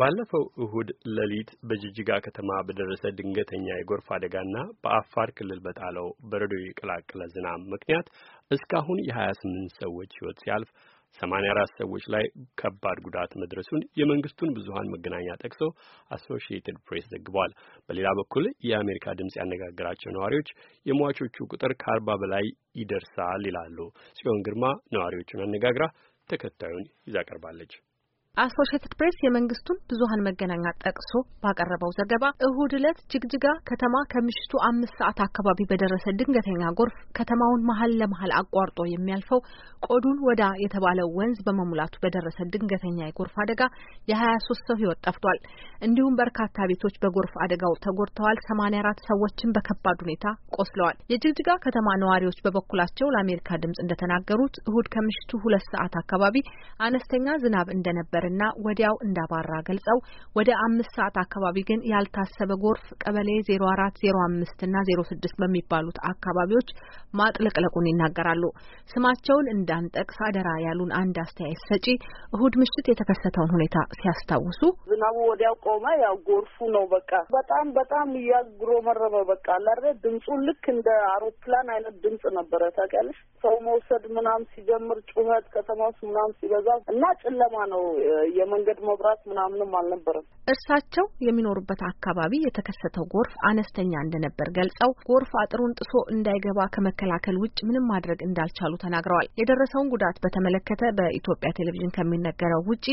ባለፈው እሁድ ሌሊት በጅጅጋ ከተማ በደረሰ ድንገተኛ የጎርፍ አደጋና በአፋር ክልል በጣለው በረዶ የቀላቀለ ዝናብ ምክንያት እስካሁን የ28 ሰዎች ሕይወት ሲያልፍ 84 ሰዎች ላይ ከባድ ጉዳት መድረሱን የመንግስቱን ብዙሃን መገናኛ ጠቅሶ አሶሺየትድ ፕሬስ ዘግቧል። በሌላ በኩል የአሜሪካ ድምፅ ያነጋገራቸው ነዋሪዎች የሟቾቹ ቁጥር ከ በላይ ይደርሳል ይላሉ። ጽዮን ግርማ ነዋሪዎቹን አነጋግራ ተከታዩን ይዛ ቀርባለች። አሶሽትድ ፕሬስ የመንግስቱን ብዙሀን መገናኛ ጠቅሶ ባቀረበው ዘገባ እሁድ ዕለት ጅግጅጋ ከተማ ከምሽቱ አምስት ሰዓት አካባቢ በደረሰ ድንገተኛ ጎርፍ ከተማውን መሀል ለመሀል አቋርጦ የሚያልፈው ቆዱን ወዳ የተባለው ወንዝ በመሙላቱ በደረሰ ድንገተኛ የጎርፍ አደጋ የሀያ ሶስት ሰው ህይወት ጠፍቷል። እንዲሁም በርካታ ቤቶች በጎርፍ አደጋው ተጎድተዋል። ሰማኒያ አራት ሰዎችን በከባድ ሁኔታ ቆስለዋል። የጅግጅጋ ከተማ ነዋሪዎች በበኩላቸው ለአሜሪካ ድምጽ እንደተናገሩት እሁድ ከምሽቱ ሁለት ሰዓት አካባቢ አነስተኛ ዝናብ እንደነበር እንደነበርና ወዲያው እንዳባራ ገልጸው ወደ አምስት ሰዓት አካባቢ ግን ያልታሰበ ጎርፍ ቀበሌ ዜሮ አራት ዜሮ አምስት እና ዜሮ ስድስት በሚባሉት አካባቢዎች ማጥለቅለቁን ይናገራሉ። ስማቸውን እንዳንጠቅስ አደራ ያሉን አንድ አስተያየት ሰጪ እሁድ ምሽት የተከሰተውን ሁኔታ ሲያስታውሱ ዝናቡ ወዲያው ቆመ። ያው ጎርፉ ነው በቃ በጣም በጣም እያጉረመረመ በቃ ላረ ድምፁ ልክ እንደ አውሮፕላን አይነት ድምጽ ነበረ። ታውቂያለሽ ሰው መውሰድ ምናም ሲጀምር ጩኸት ከተማ ውስጥ ምናም ሲበዛ እና ጨለማ ነው የመንገድ መብራት ምናምንም አልነበረም። እርሳቸው የሚኖሩበት አካባቢ የተከሰተው ጎርፍ አነስተኛ እንደነበር ገልጸው ጎርፍ አጥሩን ጥሶ እንዳይገባ ከመከላከል ውጭ ምንም ማድረግ እንዳልቻሉ ተናግረዋል። የደረሰውን ጉዳት በተመለከተ በኢትዮጵያ ቴሌቪዥን ከሚነገረው ውጪ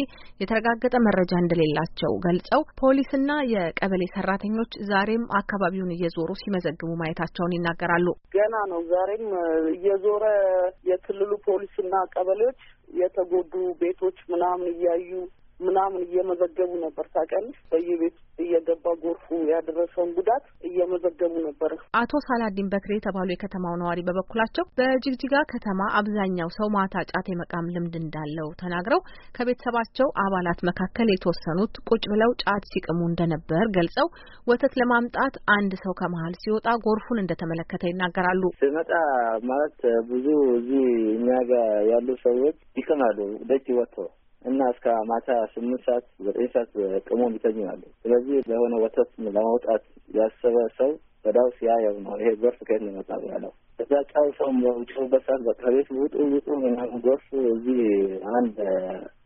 የተረጋገጠ መረጃ እንደሌላቸው ገልጸው ፖሊስና የቀበሌ ሰራተኞች ዛሬም አካባቢውን እየዞሩ ሲመዘግቡ ማየታቸውን ይናገራሉ። ገና ነው። ዛሬም እየዞረ የክልሉ ፖሊስና ቀበሌዎች የተጎዱ ቤቶች ምናምን እያዩ ምናምን እየመዘገቡ ነበር። ታውቂያለሽ በየቤቱ ያደረሰውን ጉዳት እየመዘገቡ ነበር። አቶ ሳላዲን በክሬ የተባሉ የከተማው ነዋሪ በበኩላቸው በጅግጅጋ ከተማ አብዛኛው ሰው ማታ ጫት የመቃም ልምድ እንዳለው ተናግረው ከቤተሰባቸው አባላት መካከል የተወሰኑት ቁጭ ብለው ጫት ሲቅሙ እንደነበር ገልጸው ወተት ለማምጣት አንድ ሰው ከመሀል ሲወጣ ጎርፉን እንደተመለከተ ይናገራሉ። ስመጣ ማለት ብዙ እዚህ እኛ ጋር ያሉ ሰዎች ይቅማሉ ደጅ ወጥተው እና እስከ ማታ ስምንት ሰዓት ዘጠኝ ሰዓት ቅሞ የሚተኙ አሉ። ስለዚህ ለሆነ ወተት ለማውጣት ያሰበ ሰው በዳው ሲያየው ነው ይሄ ጎርፍ ከየት ነው የመጣው ያለው። እዛ ጫው ሰው በውጭበት ሰዓት በቃ ቤት ውጡ ውጡ ምናምን ጎርፍ እዚህ አንድ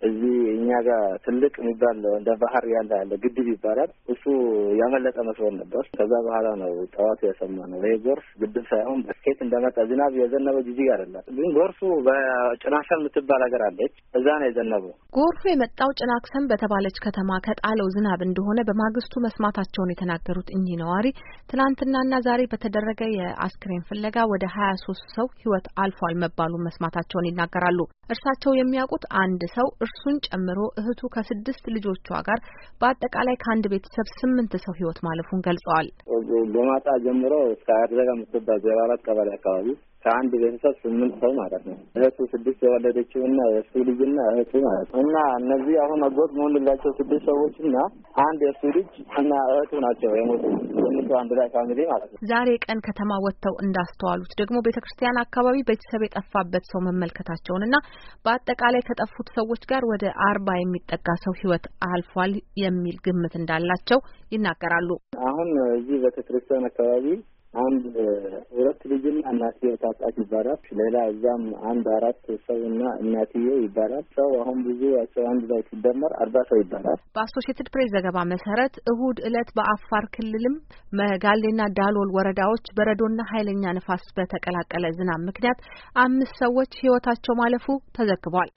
እዚህ እኛ ጋር ትልቅ የሚባል እንደ ባህር ያለ ያለ ግድብ ይባላል። እሱ ያመለጠ መስሎን ነበር። ከዛ በኋላ ነው ጠዋቱ የሰማ ነው ይሄ ጎርፍ ግድብ ሳይሆን ከየት እንደመጣ ዝናብ የዘነበ ጊዜ አይደለም። ግን ጎርፉ በጭናክሰን የምትባል ሀገር አለች። እዛ ነው የዘነበው። ጎርፉ የመጣው ጭናክሰን በተባለች ከተማ ከጣለው ዝናብ እንደሆነ በማግስቱ መስማታቸውን የተናገሩት እኚህ ነዋሪ ትናንትናና ዛሬ በተደረገ የአስክሬን ፍለጋ ወደ ሀያ ሶስት ሰው ህይወት አልፏል መባሉን መስማታቸውን ይናገራሉ። እርሳቸው የሚያውቁት አንድ ሰው እርሱን ጨምሮ ጨምሮ እህቱ ከስድስት ልጆቿ ጋር በአጠቃላይ ከአንድ ቤተሰብ ስምንት ሰው ህይወት ማለፉን ገልጸዋል። በማጣ ጀምሮ እስከ አድረጋ የምትባል ዜሮ አራት ቀበሌ አካባቢ ከአንድ ቤተሰብ ስምንት ሰው ማለት ነው። እህቱ ስድስት የወለደችው እና የእሱ ልጅ እና እህቱ ማለት ነው እና እነዚህ አሁን አጎት መሆንላቸው ስድስት ሰዎች እና አንድ የእሱ ልጅ እና እህቱ ናቸው የሞቱ ዛሬ ቀን ከተማ ወጥተው እንዳስተዋሉት ደግሞ ቤተ ክርስቲያን አካባቢ ቤተሰብ የጠፋበት ሰው መመልከታቸውንና በአጠቃላይ ከጠፉት ሰዎች ጋር ወደ አርባ የሚጠጋ ሰው ህይወት አልፏል የሚል ግምት እንዳላቸው ይናገራሉ። አሁን እዚህ ቤተ ክርስቲያን አካባቢ አንድ ሁለት ልጅና እናትዬ ታጣች ይባላል። ሌላ እዛም አንድ አራት ሰው እና እናትዬ ይባላል። ሰው አሁን ብዙ ሰው አንድ ላይ ሲደመር አርባ ሰው ይባላል። በአሶሽየትድ ፕሬስ ዘገባ መሰረት እሁድ እለት በአፋር ክልልም መጋሌና ዳሎል ወረዳዎች በረዶና ኃይለኛ ንፋስ በተቀላቀለ ዝናብ ምክንያት አምስት ሰዎች ህይወታቸው ማለፉ ተዘግቧል።